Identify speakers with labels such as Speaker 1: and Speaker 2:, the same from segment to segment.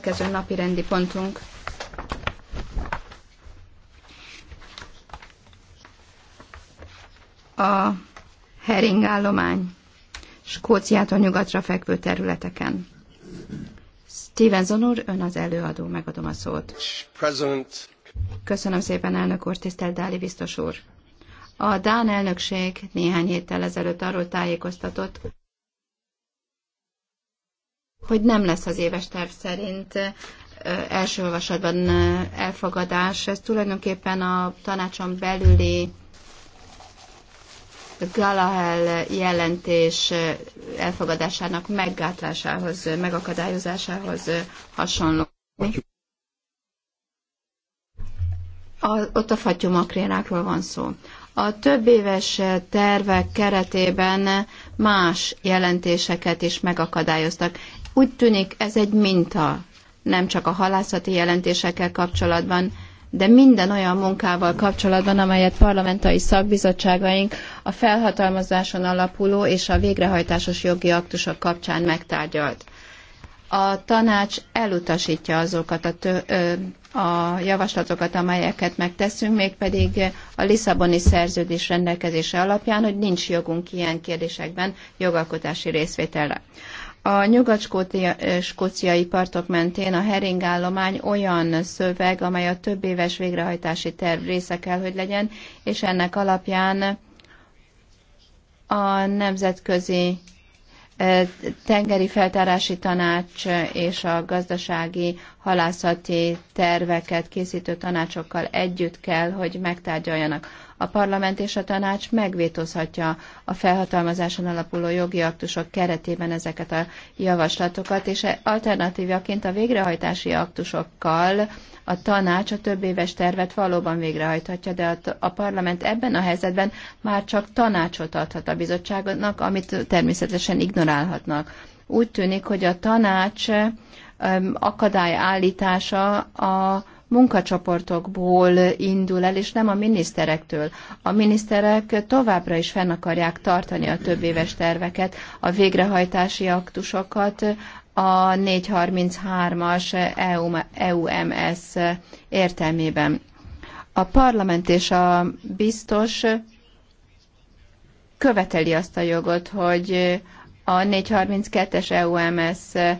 Speaker 1: következő napi rendi pontunk. A hering állomány Skóciától nyugatra fekvő területeken. Steven Zonur, ön az előadó, megadom a szót. President. Köszönöm szépen, elnök úr, tisztelt Dáli biztos úr. A Dán elnökség néhány héttel ezelőtt arról tájékoztatott, hogy nem lesz az éves terv szerint első olvasatban elfogadás. Ez tulajdonképpen a tanácson belüli Galahel jelentés elfogadásának meggátlásához, megakadályozásához hasonló. A, ott a fattyumakrénákról van szó. A több éves tervek keretében más jelentéseket is megakadályoztak. Úgy tűnik, ez egy minta, nem csak a halászati jelentésekkel kapcsolatban, de minden olyan munkával kapcsolatban, amelyet parlamentai szakbizottságaink a felhatalmazáson alapuló és a végrehajtásos jogi aktusok kapcsán megtárgyalt. A tanács elutasítja azokat a, tő, a javaslatokat, amelyeket megteszünk, mégpedig a Lisszaboni szerződés rendelkezése alapján, hogy nincs jogunk ilyen kérdésekben jogalkotási részvételre. A nyugat-skóciai partok mentén a heringállomány olyan szöveg, amely a több éves végrehajtási terv része kell, hogy legyen, és ennek alapján a Nemzetközi e, Tengeri Feltárási Tanács és a gazdasági halászati terveket készítő tanácsokkal együtt kell, hogy megtárgyaljanak a parlament és a tanács megvétózhatja a felhatalmazáson alapuló jogi aktusok keretében ezeket a javaslatokat, és alternatívaként a végrehajtási aktusokkal a tanács a több éves tervet valóban végrehajthatja, de a, a parlament ebben a helyzetben már csak tanácsot adhat a bizottságnak, amit természetesen ignorálhatnak. Úgy tűnik, hogy a tanács akadályállítása a munkacsoportokból indul el, és nem a miniszterektől. A miniszterek továbbra is fenn akarják tartani a több éves terveket, a végrehajtási aktusokat, a 433-as EUMS e értelmében. A parlament és a biztos követeli azt a jogot, hogy a 432-es EUMS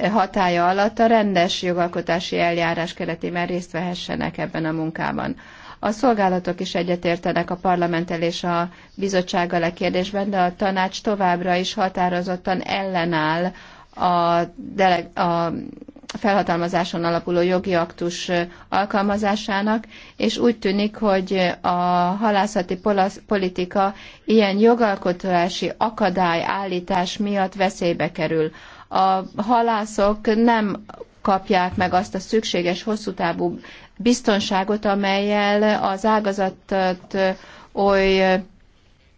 Speaker 1: hatája alatt a rendes jogalkotási eljárás keretében részt vehessenek ebben a munkában. A szolgálatok is egyetértenek a parlamenttel és a bizottsággal a e kérdésben, de a tanács továbbra is határozottan ellenáll a, dele- a felhatalmazáson alapuló jogi aktus alkalmazásának, és úgy tűnik, hogy a halászati politika ilyen jogalkotási akadály állítás miatt veszélybe kerül a halászok nem kapják meg azt a szükséges hosszú távú biztonságot, amelyel az ágazatot oly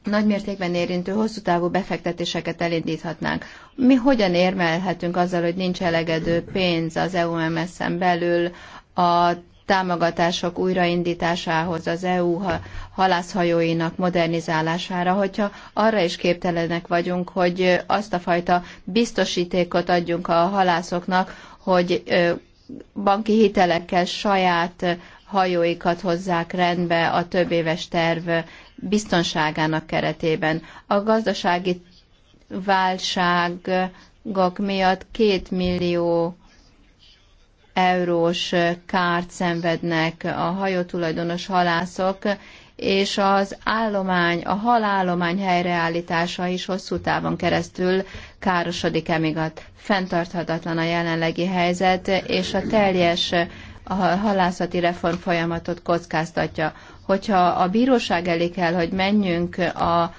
Speaker 1: nagymértékben érintő hosszú távú befektetéseket elindíthatnánk. Mi hogyan érmelhetünk azzal, hogy nincs elegedő pénz az EUMS-en belül a támogatások újraindításához az EU halászhajóinak modernizálására, hogyha arra is képtelenek vagyunk, hogy azt a fajta biztosítékot adjunk a halászoknak, hogy banki hitelekkel saját hajóikat hozzák rendbe a több éves terv biztonságának keretében. A gazdasági válságok miatt két millió eurós kárt szenvednek a hajótulajdonos halászok, és az állomány, a halállomány helyreállítása is hosszú távon keresztül károsodik emigat. Fenntarthatatlan a jelenlegi helyzet, és a teljes a halászati reform folyamatot kockáztatja. Hogyha a bíróság elé kell, hogy menjünk a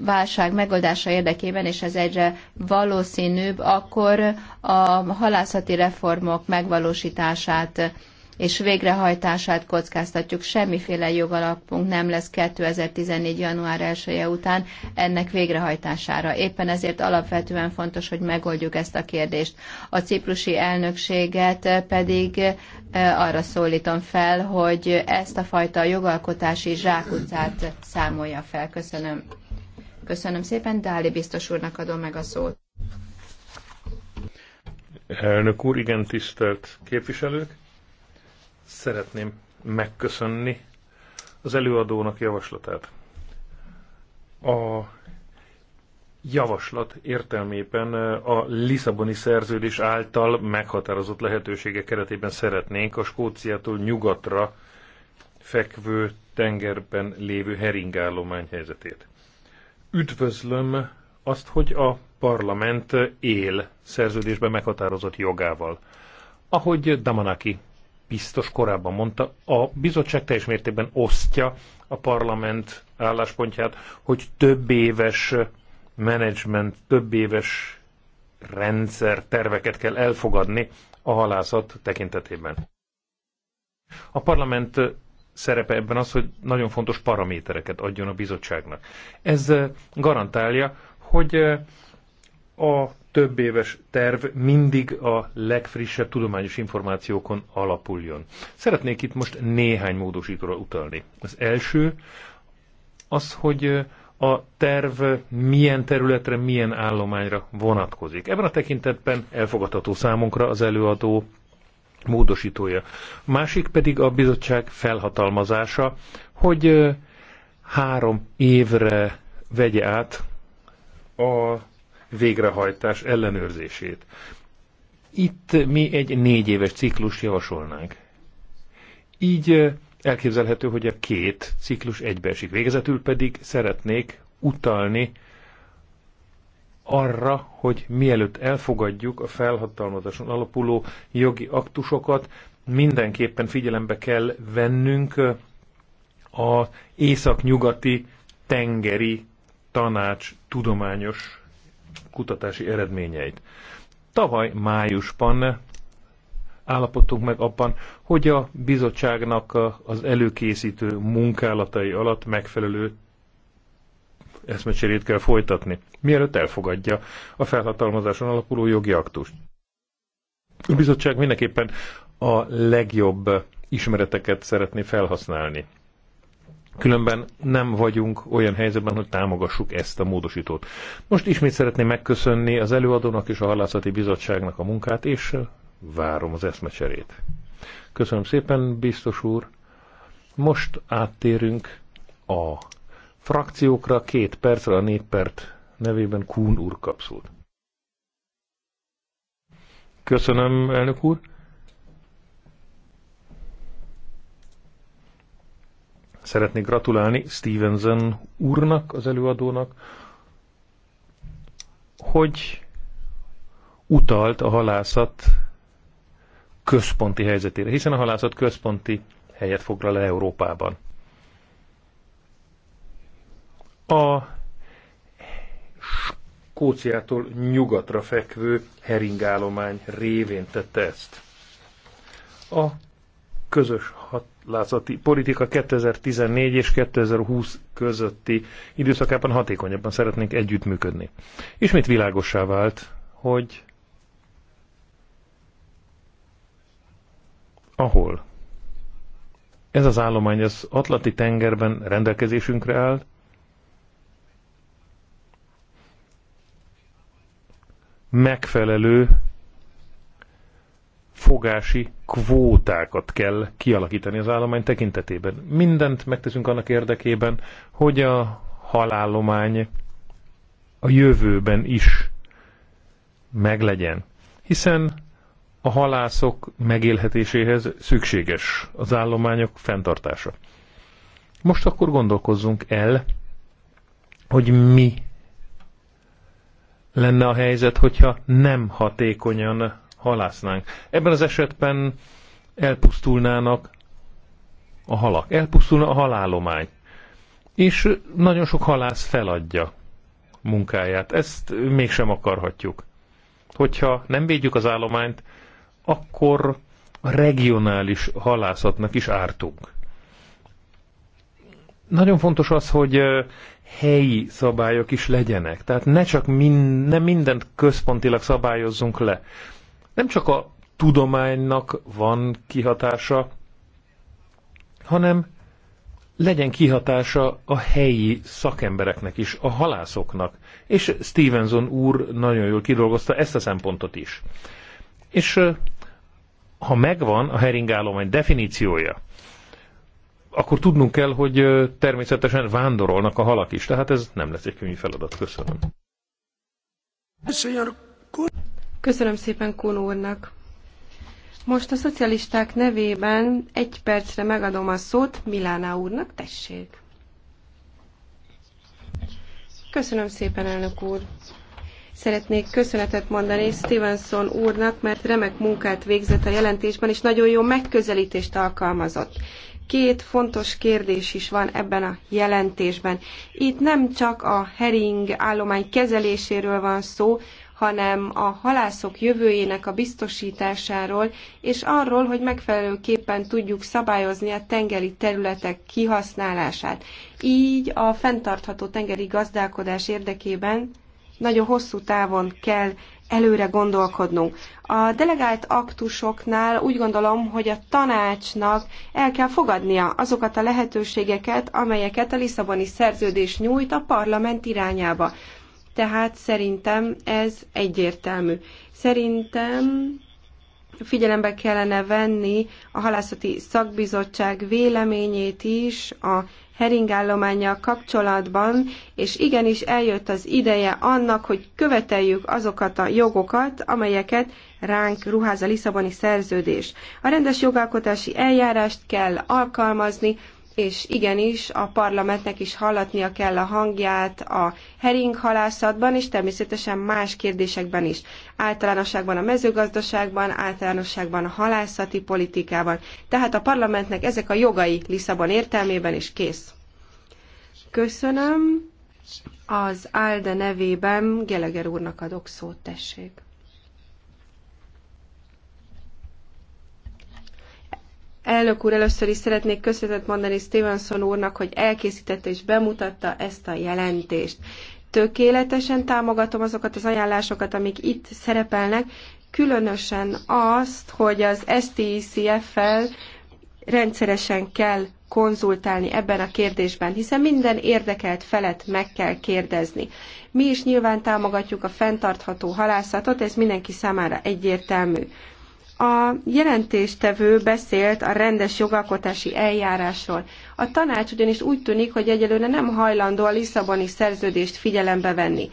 Speaker 1: válság megoldása érdekében, és ez egyre valószínűbb, akkor a halászati reformok megvalósítását és végrehajtását kockáztatjuk. Semmiféle jogalapunk nem lesz 2014. január 1 -e után ennek végrehajtására. Éppen ezért alapvetően fontos, hogy megoldjuk ezt a kérdést. A ciprusi elnökséget pedig eh, arra szólítom fel, hogy ezt a fajta jogalkotási zsákutcát számolja fel. Köszönöm. Köszönöm szépen, Dáli biztos úrnak adom meg a szót.
Speaker 2: Elnök úr, igen tisztelt képviselők! Szeretném megköszönni az előadónak javaslatát. A javaslat értelmében eh, a Lisszaboni szerződés által meghatározott lehetősége keretében szeretnénk a Skóciától nyugatra fekvő tengerben lévő heringállomány helyzetét. Üdvözlöm azt, hogy a parlament él szerződésben meghatározott jogával. Ahogy Damanaki biztos korábban mondta, a bizottság teljes mértékben osztja a parlament álláspontját, hogy több éves menedzsment, több éves rendszer terveket kell elfogadni a halászat tekintetében. A parlament szerepe ebben az, hogy nagyon fontos paramétereket adjon a bizottságnak. Ez garantálja, hogy a több éves terv mindig a legfrissebb tudományos információkon alapuljon. Szeretnék itt most néhány módosítóra utalni. Az első az, hogy a terv milyen területre, milyen állományra vonatkozik. Ebben a tekintetben elfogadható számunkra az előadó módosítója. Másik pedig a bizottság felhatalmazása, hogy három évre vegye át a végrehajtás ellenőrzését. Itt mi egy négy éves ciklus javasolnánk. Így elképzelhető, hogy a két ciklus egybeesik. Végezetül pedig szeretnék utalni arra, hogy mielőtt elfogadjuk a felhatalmazáson alapuló jogi aktusokat, mindenképpen figyelembe kell vennünk az északnyugati tengeri tanács tudományos kutatási eredményeit. Tavaly májusban állapodtunk meg abban, hogy a bizottságnak az előkészítő munkálatai alatt megfelelő eszmecserét kell folytatni, mielőtt elfogadja a felhatalmazáson alapuló jogi aktust. A bizottság mindenképpen a legjobb ismereteket szeretné felhasználni Különben nem vagyunk olyan helyzetben, hogy támogassuk ezt a módosítót. Most ismét szeretném megköszönni az előadónak és a Hallászati Bizottságnak a munkát, és várom az eszmecserét. Köszönöm szépen, biztos úr. Most áttérünk a frakciókra. Két percre a néppert nevében Kún úr kapszult. Köszönöm, elnök úr. Szeretnék gratulálni Stevenson úrnak, az előadónak, hogy utalt a halászat központi helyzetére, hiszen a halászat központi helyet foglal el Európában. A Skóciától nyugatra fekvő heringállomány révén tette ezt. A közös hat halászati politika 2014 és 2020 közötti időszakában hatékonyabban szeretnénk együttműködni. Ismét világosá vált, hogy ahol ez az állomány az Atlanti tengerben rendelkezésünkre áll, megfelelő fogási kvótákat kell kialakítani az állomány tekintetében. Mindent megteszünk annak érdekében, hogy a halállomány a jövőben is meglegyen. Hiszen a halászok megélhetéséhez szükséges az állományok fenntartása. Most akkor gondolkozzunk el, hogy mi lenne a helyzet, hogyha nem hatékonyan halásznánk. Ebben az esetben elpusztulnának a halak, elpusztulna a halálomány. És nagyon sok halász feladja munkáját. Ezt mégsem akarhatjuk. Hogyha nem védjük az állományt, akkor a regionális halászatnak is ártunk. Nagyon fontos az, hogy helyi szabályok is legyenek. Tehát ne csak min, ne mindent központilag szabályozzunk le nem csak a tudománynak van kihatása, hanem legyen kihatása a helyi szakembereknek is, a halászoknak. És Stevenson úr nagyon jól kidolgozta ezt a szempontot is. És ha megvan a heringállomány definíciója, akkor tudnunk kell, hogy természetesen vándorolnak a halak is. Tehát ez nem lesz egy könnyű feladat. Köszönöm.
Speaker 3: Köszönöm. Köszönöm szépen Kun úrnak. Most a szocialisták nevében egy percre megadom a szót Milána úrnak, tessék. Köszönöm szépen, elnök úr. Szeretnék köszönetet mondani Stevenson úrnak, mert remek munkát végzett a jelentésben, és nagyon jó megközelítést alkalmazott két fontos kérdés is van ebben a jelentésben. Itt nem csak a hering állomány kezeléséről van szó, hanem a halászok jövőjének a biztosításáról, és arról, hogy megfelelőképpen tudjuk szabályozni a tengeri területek kihasználását. Így a fenntartható tengeri gazdálkodás érdekében nagyon hosszú távon kell előre gondolkodnunk. A delegált aktusoknál úgy gondolom, hogy a tanácsnak el kell fogadnia azokat a lehetőségeket, amelyeket a Lisszaboni szerződés nyújt a parlament irányába tehát szerintem ez egyértelmű. Szerintem figyelembe kellene venni a halászati szakbizottság véleményét is a heringállományjal kapcsolatban, és igenis eljött az ideje annak, hogy követeljük azokat a jogokat, amelyeket ránk ruház a Lisszaboni szerződés. A rendes jogalkotási eljárást kell alkalmazni, és igenis a parlamentnek is hallatnia kell a hangját a heringhalászatban, és természetesen más kérdésekben is. Általánosságban a mezőgazdaságban, általánosságban a halászati politikában. Tehát a parlamentnek ezek a jogai Lisszabon értelmében is kész. Köszönöm. Az ALDE nevében Geleger úrnak adok szót, tessék. Elnök úr, először is szeretnék köszönetet mondani Stevenson úrnak, hogy elkészítette és bemutatta ezt a jelentést. Tökéletesen támogatom azokat az ajánlásokat, amik itt szerepelnek, különösen azt, hogy az STICF-fel e rendszeresen kell konzultálni ebben a kérdésben, hiszen minden érdekelt felet meg kell kérdezni. Mi is nyilván támogatjuk a fenntartható halászatot, ez mindenki számára egyértelmű. A jelentéstevő beszélt a rendes jogalkotási eljárásról. A tanács ugyanis úgy tűnik, hogy egyelőre nem hajlandó a Lisszaboni szerződést figyelembe venni.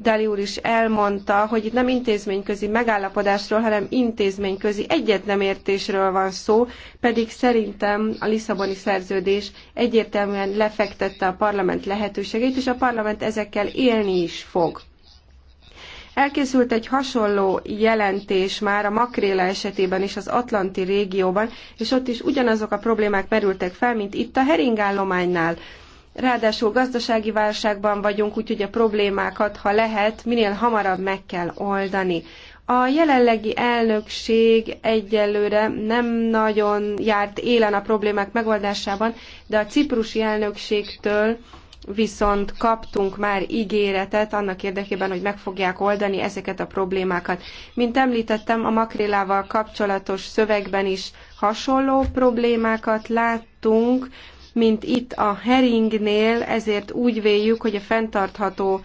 Speaker 3: Dali úr is elmondta, hogy itt nem intézményközi megállapodásról, hanem intézményközi egyetnemértésről van szó, pedig szerintem a Lisszaboni szerződés egyértelműen lefektette a parlament lehetőségeit, és a parlament ezekkel élni is fog. Elkészült egy hasonló jelentés már a makréla esetében is az Atlanti régióban, és ott is ugyanazok a problémák merültek fel, mint itt a heringállománynál. Ráadásul gazdasági válságban vagyunk, úgyhogy a problémákat, ha lehet, minél hamarabb meg kell oldani. A jelenlegi elnökség egyelőre nem nagyon járt élen a problémák megoldásában, de a ciprusi elnökségtől viszont kaptunk már ígéretet annak érdekében, hogy meg fogják oldani ezeket a problémákat. Mint említettem, a makrélával kapcsolatos szövegben is hasonló problémákat láttunk, mint itt a heringnél, ezért úgy véljük, hogy a fenntartható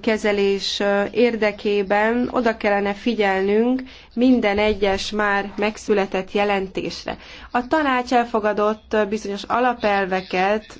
Speaker 3: kezelés érdekében oda kellene figyelnünk minden egyes már megszületett jelentésre. A tanács elfogadott bizonyos alapelveket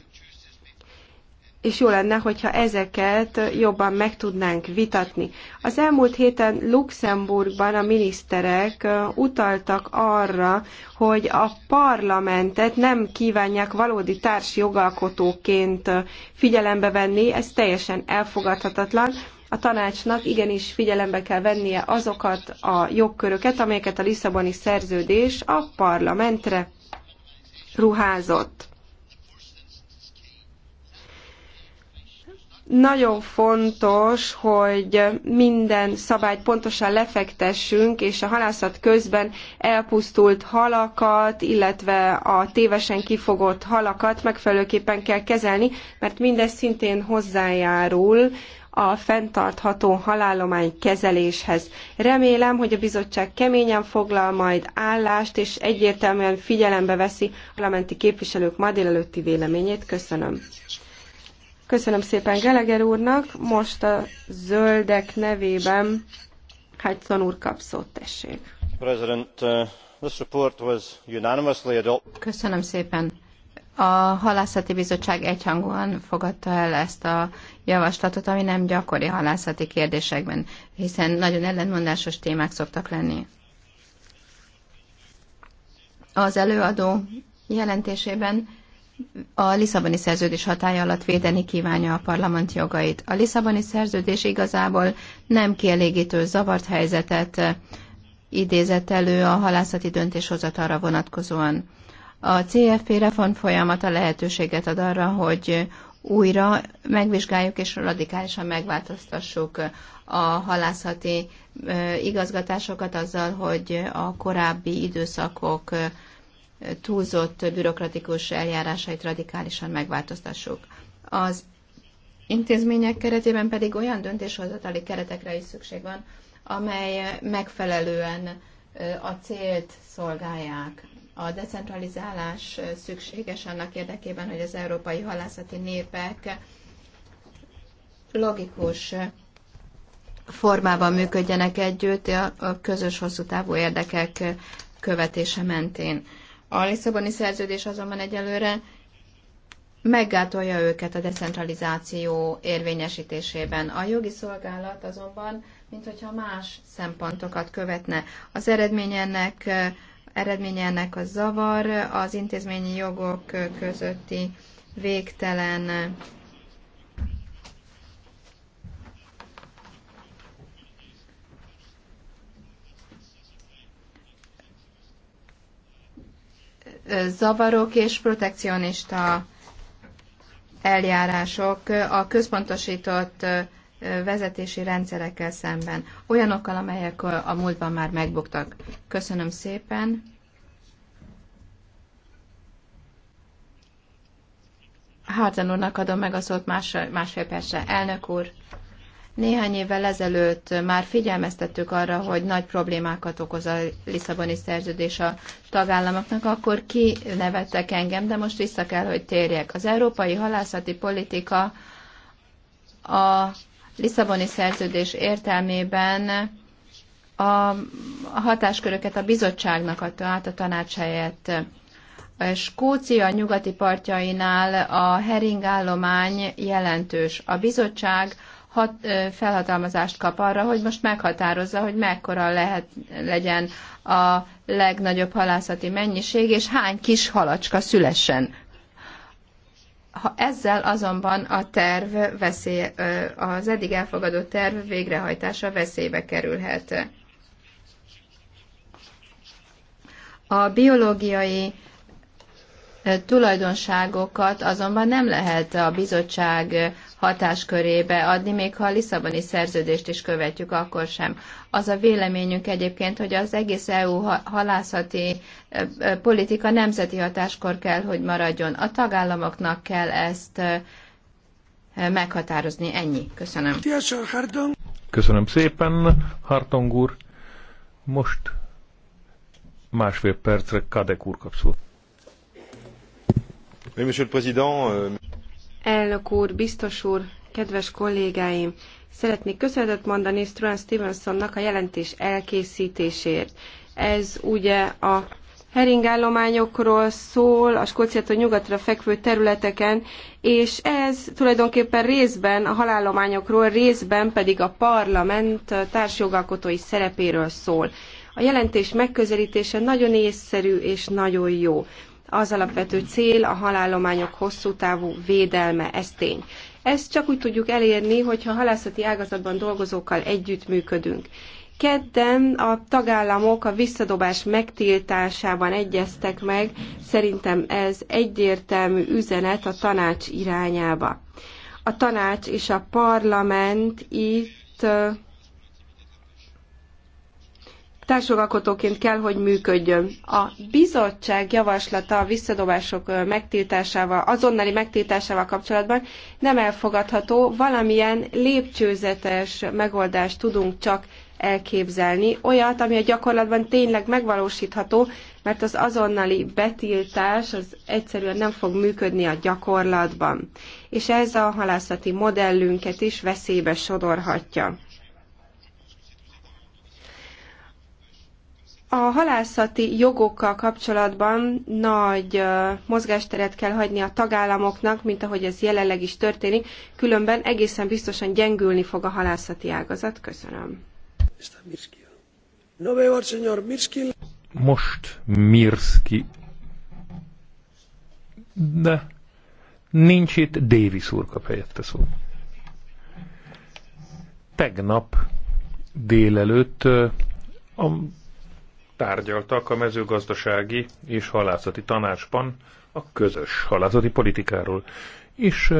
Speaker 3: és jó lenne, hogyha ezeket jobban meg tudnánk vitatni. Az elmúlt héten Luxemburgban a miniszterek utaltak arra, hogy a parlamentet nem kívánják valódi társjogalkotóként figyelembe venni, ez teljesen elfogadhatatlan. A tanácsnak igenis figyelembe kell vennie azokat a jogköröket, amelyeket a Lisszaboni szerződés a parlamentre ruházott. Nagyon fontos, hogy minden szabályt pontosan lefektessünk, és a halászat közben elpusztult halakat, illetve a tévesen kifogott halakat megfelelőképpen kell kezelni, mert mindez szintén hozzájárul a fenntartható halállomány kezeléshez. Remélem, hogy a bizottság keményen foglal majd állást, és egyértelműen figyelembe veszi a parlamenti képviselők ma délelőtti véleményét. Köszönöm. Köszönöm szépen Geleger úrnak, most a zöldek nevében Hudson
Speaker 1: úr kap szót, tessék. Uh, Köszönöm szépen. A halászati bizottság egyhangúan fogadta el ezt a javaslatot, ami nem gyakori halászati kérdésekben, hiszen nagyon ellentmondásos témák szoktak lenni. Az előadó jelentésében a Lisszaboni szerződés hatája alatt védeni kívánja a parlament jogait. A Lisszaboni szerződés igazából nem kielégítő zavart helyzetet idézett elő a halászati döntéshozatalra vonatkozóan. A CFP reform folyamata lehetőséget ad arra, hogy újra megvizsgáljuk és radikálisan megváltoztassuk a halászati igazgatásokat azzal, hogy a korábbi időszakok túlzott bürokratikus eljárásait radikálisan megváltoztassuk. Az intézmények keretében pedig olyan döntéshozatali keretekre is szükség van, amely megfelelően a célt szolgálják. A decentralizálás szükséges annak érdekében, hogy az európai halászati népek logikus formában működjenek együtt a közös hosszú távú érdekek követése mentén. A Lisszaboni szerződés azonban egyelőre meggátolja őket a decentralizáció érvényesítésében. A jogi szolgálat azonban, mint hogyha más szempontokat követne. Az eredmény ennek, eredmény ennek a zavar, az intézményi jogok közötti végtelen zavarok és protekcionista eljárások a központosított vezetési rendszerekkel szemben, olyanokkal, amelyek a múltban már megbuktak. Köszönöm szépen. Hárten úrnak adom meg a szót más, másfél percre. Elnök úr, néhány évvel ezelőtt már figyelmeztettük arra, hogy nagy problémákat okoz a Lisszaboni szerződés a tagállamoknak, akkor kinevettek engem, de most vissza kell, hogy térjek. Az európai halászati politika a Lisszaboni szerződés értelmében a hatásköröket a bizottságnak adta át a tanács helyett. Skócia nyugati partjainál a heringállomány jelentős. A bizottság hat, felhatalmazást kap arra, hogy most meghatározza, hogy mekkora lehet, legyen a legnagyobb halászati mennyiség, és hány kis halacska szülessen. Ha ezzel azonban a terv veszély, az eddig elfogadott terv végrehajtása veszélybe kerülhet. A biológiai tulajdonságokat azonban nem lehet a bizottság hatáskörébe adni, még ha a Lisszaboni szerződést is követjük, akkor sem. Az a véleményünk egyébként, hogy az egész EU halászati politika nemzeti hatáskor kell, hogy maradjon. A tagállamoknak kell ezt meghatározni. Ennyi. Köszönöm.
Speaker 2: Köszönöm szépen, Hartong úr. Most másfél percre Kadek úr Président. Euh...
Speaker 3: Elnök úr, biztos úr, kedves kollégáim! Szeretnék köszönetet mondani Struan Stevensonnak a jelentés elkészítésért. Ez ugye a heringállományokról szól, a Skóciától nyugatra fekvő területeken, és ez tulajdonképpen részben a halállományokról, részben pedig a parlament társjogalkotói szerepéről szól. A jelentés megközelítése nagyon észszerű és nagyon jó az alapvető cél a halállományok hosszú távú védelme, ez tény. Ezt csak úgy tudjuk elérni, hogyha halászati ágazatban dolgozókkal együttműködünk. Kedden a tagállamok a visszadobás megtiltásában egyeztek meg, szerintem ez egyértelmű üzenet a tanács irányába. A tanács és a parlament itt társjogalkotóként kell, hogy működjön. A bizottság javaslata a visszadobások megtiltásával, azonnali megtiltásával kapcsolatban nem elfogadható, valamilyen lépcsőzetes megoldást tudunk csak elképzelni, olyat, ami a gyakorlatban tényleg megvalósítható, mert az azonnali betiltás az egyszerűen nem fog működni a gyakorlatban. És ez a halászati modellünket is veszélybe sodorhatja. A halászati jogokkal kapcsolatban nagy mozgásteret kell hagyni a tagállamoknak, mint ahogy ez jelenleg is történik, különben egészen biztosan gyengülni fog a halászati ágazat. Köszönöm.
Speaker 2: Most Mirski. De nincs itt Davis úr kap helyette szó. Tegnap délelőtt a tárgyaltak a mezőgazdasági és halászati tanácsban a közös halászati politikáról, és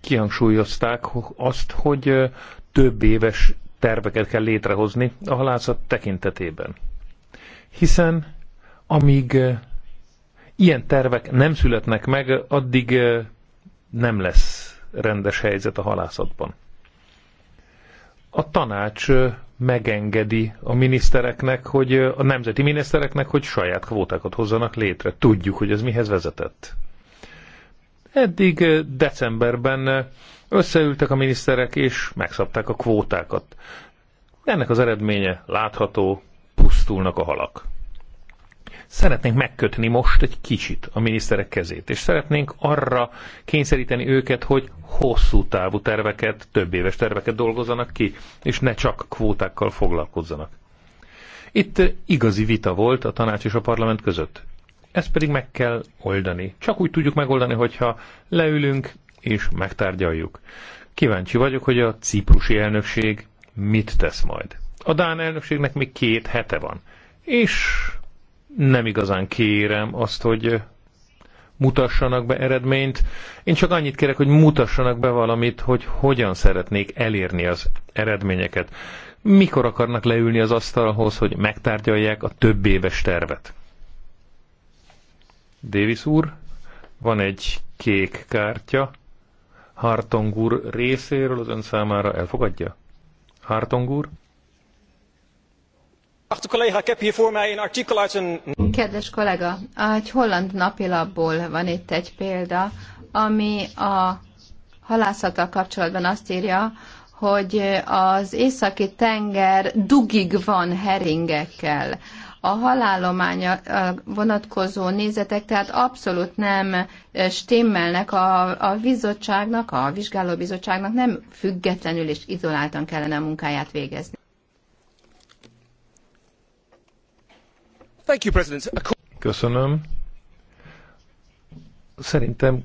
Speaker 2: kihangsúlyozták azt, hogy több éves terveket kell létrehozni a halászat tekintetében. Hiszen amíg ilyen tervek nem születnek meg, addig nem lesz rendes helyzet a halászatban. A tanács megengedi a minisztereknek, hogy a nemzeti minisztereknek, hogy saját kvótákat hozzanak létre. Tudjuk, hogy ez mihez vezetett. Eddig decemberben összeültek a miniszterek, és megszabták a kvótákat. Ennek az eredménye látható, pusztulnak a halak. Szeretnénk megkötni most egy kicsit a miniszterek kezét, és szeretnénk arra kényszeríteni őket, hogy hosszú távú terveket, több éves terveket dolgozzanak ki, és ne csak kvótákkal foglalkozzanak. Itt igazi vita volt a tanács és a parlament között. Ezt pedig meg kell oldani. Csak úgy tudjuk megoldani, hogyha leülünk és megtárgyaljuk. Kíváncsi vagyok, hogy a ciprusi elnökség mit tesz majd. A Dán elnökségnek még két hete van, és nem igazán kérem azt, hogy mutassanak be eredményt. Én csak annyit kérek, hogy mutassanak be valamit, hogy hogyan szeretnék elérni az eredményeket. Mikor akarnak leülni az asztalhoz, hogy megtárgyalják a több éves tervet? Davis úr, van egy kék kártya. Hartong úr részéről az ön számára elfogadja? Hartong úr?
Speaker 1: Kedves kollega, egy holland napilapból van itt egy példa, ami a halászattal kapcsolatban azt írja, hogy az északi tenger dugig van heringekkel. A halállománya vonatkozó nézetek tehát abszolút nem eh, stimmelnek a, a bizottságnak, a vizsgálóbizottságnak nem függetlenül és izoláltan kellene a munkáját végezni.
Speaker 2: Köszönöm. Szerintem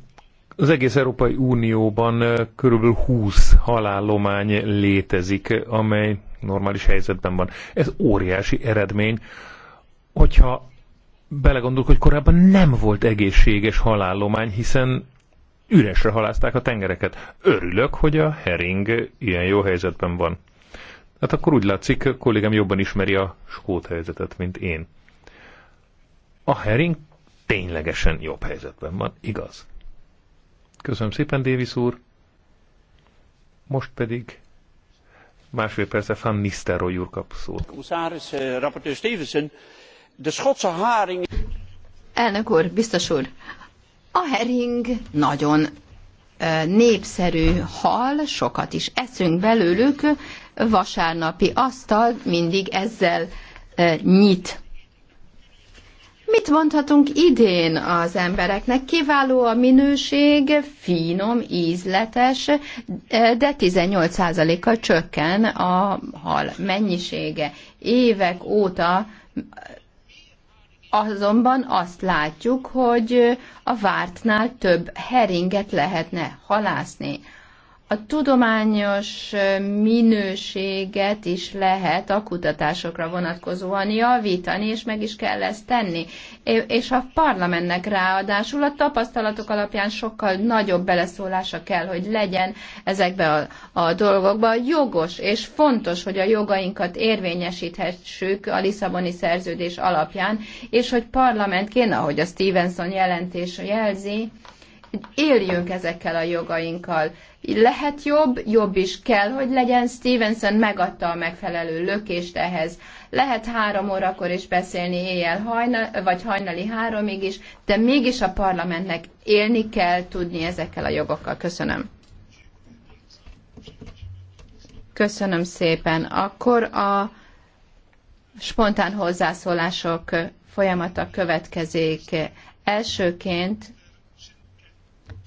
Speaker 2: az egész Európai Unióban körülbelül 20 halállomány létezik, amely normális helyzetben van. Ez óriási eredmény, hogyha belegondolok, hogy korábban nem volt egészséges halállomány, hiszen üresre halázták a tengereket. Örülök, hogy a hering ilyen jó helyzetben van. Hát akkor úgy látszik, kollégám jobban ismeri a skót helyzetet, mint én a hering ténylegesen jobb helyzetben van, igaz? Köszönöm szépen, Davis úr. Most pedig másfél perce Van Nistelrooy úr kap szót.
Speaker 1: Eh, Elnök úr, biztos úr, a hering nagyon eh, népszerű hal, sokat is eszünk belőlük, vasárnapi asztal mindig ezzel eh, nyit Mit mondhatunk idén az embereknek? Kiváló a minőség, finom, ízletes, de 18%-kal csökken a hal mennyisége. Évek óta azonban azt látjuk, hogy a vártnál több heringet lehetne halászni a tudományos minőséget is lehet a kutatásokra vonatkozóan javítani, és meg is kell ezt tenni. És a parlamentnek ráadásul a tapasztalatok alapján sokkal nagyobb beleszólása kell, hogy legyen ezekbe a, a dolgokba. Jogos és fontos, hogy a jogainkat érvényesíthessük a Lisszaboni szerződés alapján, és hogy parlamentként, ahogy a Stevenson jelentés jelzi, éljünk ezekkel a jogainkkal. Lehet jobb, jobb is kell, hogy legyen. Stevenson megadta a megfelelő lökést ehhez. Lehet három órakor is beszélni éjjel hajna, vagy hajnali háromig is, de mégis a parlamentnek élni kell tudni ezekkel a jogokkal. Köszönöm. Köszönöm szépen. Akkor a spontán hozzászólások folyamata következik. Elsőként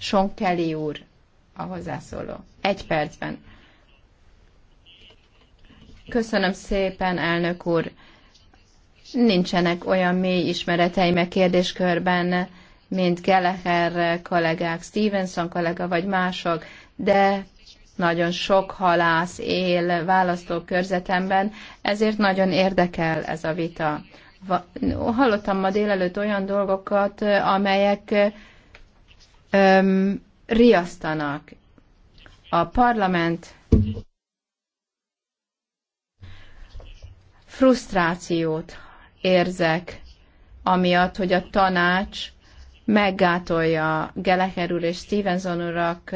Speaker 1: Sean Kelly úr a hozzászóló. Egy percben. Köszönöm szépen, elnök úr. Nincsenek olyan mély ismereteim a e kérdéskörben, mint Gallagher kollégák, Stevenson kollega vagy mások, de nagyon sok halász él választókörzetemben, ezért nagyon érdekel ez a vita. Hallottam ma délelőtt olyan dolgokat, amelyek öm, riasztanak. A parlament frusztrációt érzek, amiatt, hogy a tanács meggátolja Geleher úr és Stevenson urak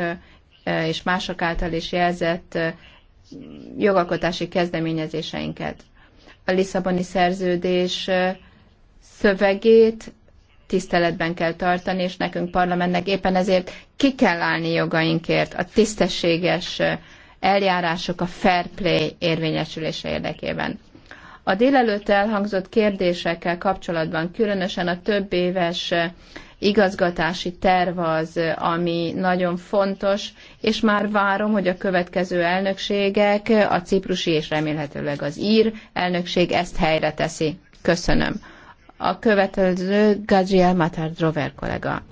Speaker 1: és mások által is jelzett jogalkotási kezdeményezéseinket. A Lisszaboni szerződés szövegét tiszteletben kell tartani, és nekünk parlamentnek éppen ezért ki kell állni jogainkért a tisztességes eljárások a fair play érvényesülése érdekében. A délelőtt elhangzott kérdésekkel kapcsolatban különösen a több éves igazgatási terv az, ami nagyon fontos, és már várom, hogy a következő elnökségek, a ciprusi és remélhetőleg az ír elnökség ezt helyre teszi. Köszönöm. A következő Gabriel Matar Drover kollega.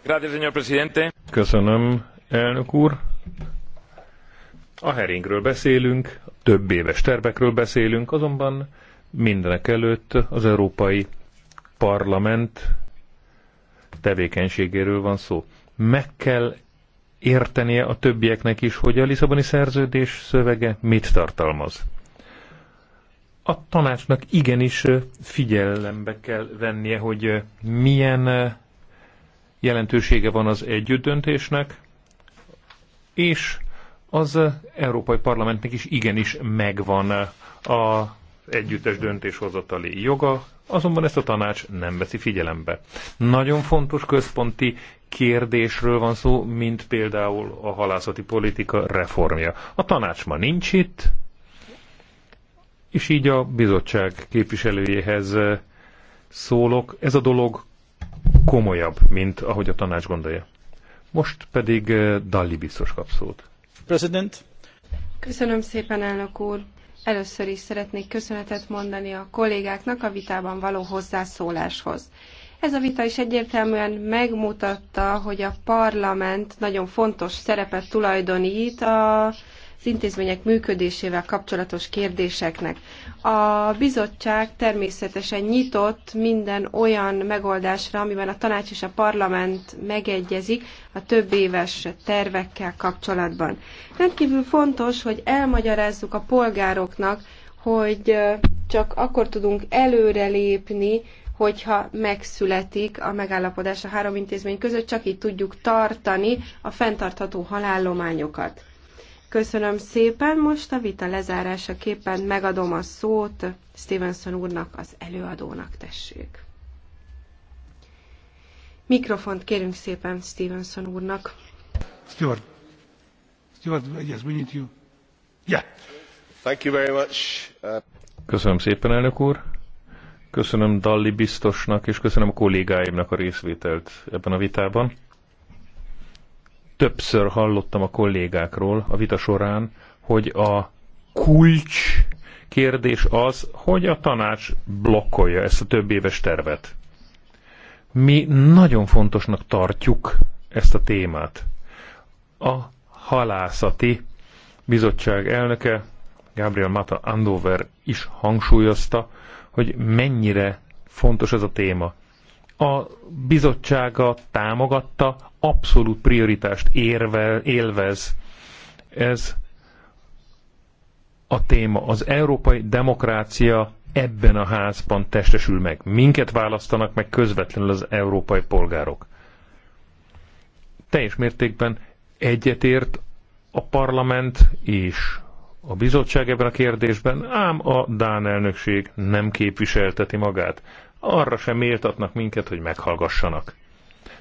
Speaker 2: Köszönöm, elnök úr. A heringről beszélünk, több éves tervekről beszélünk, azonban mindenek előtt az Európai Parlament tevékenységéről van szó. Meg kell értenie a többieknek is, hogy a Lisszaboni szerződés szövege mit tartalmaz a tanácsnak igenis figyelembe kell vennie, hogy milyen jelentősége van az együttdöntésnek, és az Európai Parlamentnek is igenis megvan a együttes döntéshozatali joga, azonban ezt a tanács nem veszi figyelembe. Nagyon fontos központi kérdésről van szó, mint például a halászati politika reformja. A tanács ma nincs itt, és így a bizottság képviselőjéhez eh, szólok. Ez a dolog komolyabb, mint ahogy a tanács gondolja. Most pedig eh, Dalli biztos kap szót.
Speaker 3: President. Köszönöm szépen, elnök úr. Először is szeretnék köszönetet mondani a kollégáknak a vitában való hozzászóláshoz. Ez a vita is egyértelműen megmutatta, hogy a parlament nagyon fontos szerepet tulajdonít a az intézmények működésével kapcsolatos kérdéseknek. A bizottság természetesen nyitott minden olyan megoldásra, amiben a tanács és a parlament megegyezik a több éves tervekkel kapcsolatban. Rendkívül fontos, hogy elmagyarázzuk a polgároknak, hogy csak akkor tudunk előrelépni, hogyha megszületik a megállapodás a három intézmény között, csak így tudjuk tartani a fenntartható halállományokat. Köszönöm szépen, most a vita lezárásaképpen megadom a szót Stevenson úrnak, az előadónak tessék. Mikrofont kérünk szépen Stevenson úrnak.
Speaker 2: Stuart. Stuart, yes, we need you. Yeah. Thank you very much. Uh... Köszönöm szépen, elnök úr. Köszönöm Dalli biztosnak, és köszönöm a kollégáimnak a részvételt ebben a vitában. Többször hallottam a kollégákról a vita során, hogy a kulcs kérdés az, hogy a tanács blokkolja ezt a több éves tervet. Mi nagyon fontosnak tartjuk ezt a témát. A halászati bizottság elnöke, Gabriel Mata Andover is hangsúlyozta, hogy mennyire fontos ez a téma a bizottsága támogatta, abszolút prioritást érvel, élvez. Ez a téma. Az európai demokrácia ebben a házban testesül meg. Minket választanak meg közvetlenül az európai polgárok. Teljes mértékben egyetért a parlament és a bizottság ebben a kérdésben, ám a Dán elnökség nem képviselteti magát arra sem méltatnak minket, hogy meghallgassanak.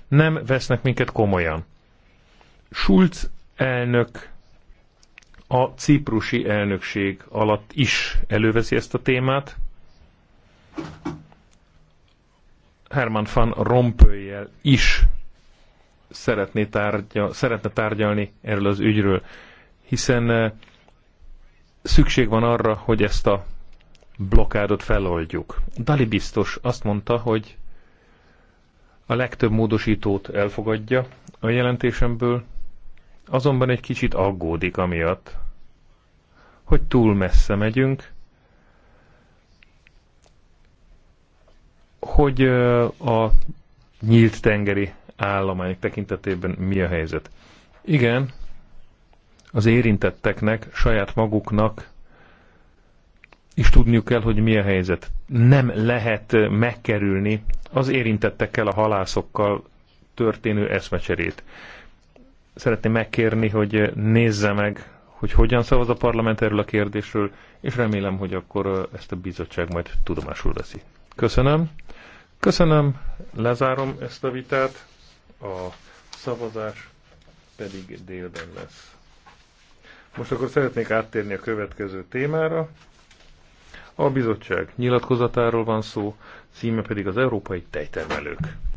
Speaker 2: Nem vesznek minket komolyan. Schulz elnök a ciprusi elnökség alatt is előveszi ezt a témát. Herman van Rompölyjel is szeretné tárgya, szeretne tárgyalni erről az ügyről, hiszen eh, szükség van arra, hogy ezt a blokádot feloldjuk. Dali biztos azt mondta, hogy a legtöbb módosítót elfogadja a jelentésemből, azonban egy kicsit aggódik amiatt, hogy túl messze megyünk, hogy a nyílt tengeri állományok tekintetében mi a helyzet. Igen, az érintetteknek, saját maguknak is tudniuk kell, hogy mi a helyzet. Nem lehet megkerülni az érintettekkel, a halászokkal történő eszmecserét. Szeretném megkérni, hogy nézze meg, hogy hogyan szavaz a parlament erről a kérdésről, és remélem, hogy akkor ezt a bizottság majd tudomásul veszi. Köszönöm. Köszönöm, lezárom ezt a vitát, a szavazás pedig délben lesz. Most akkor szeretnék áttérni a következő témára. A bizottság nyilatkozatáról van szó, címe pedig az európai tejtermelők.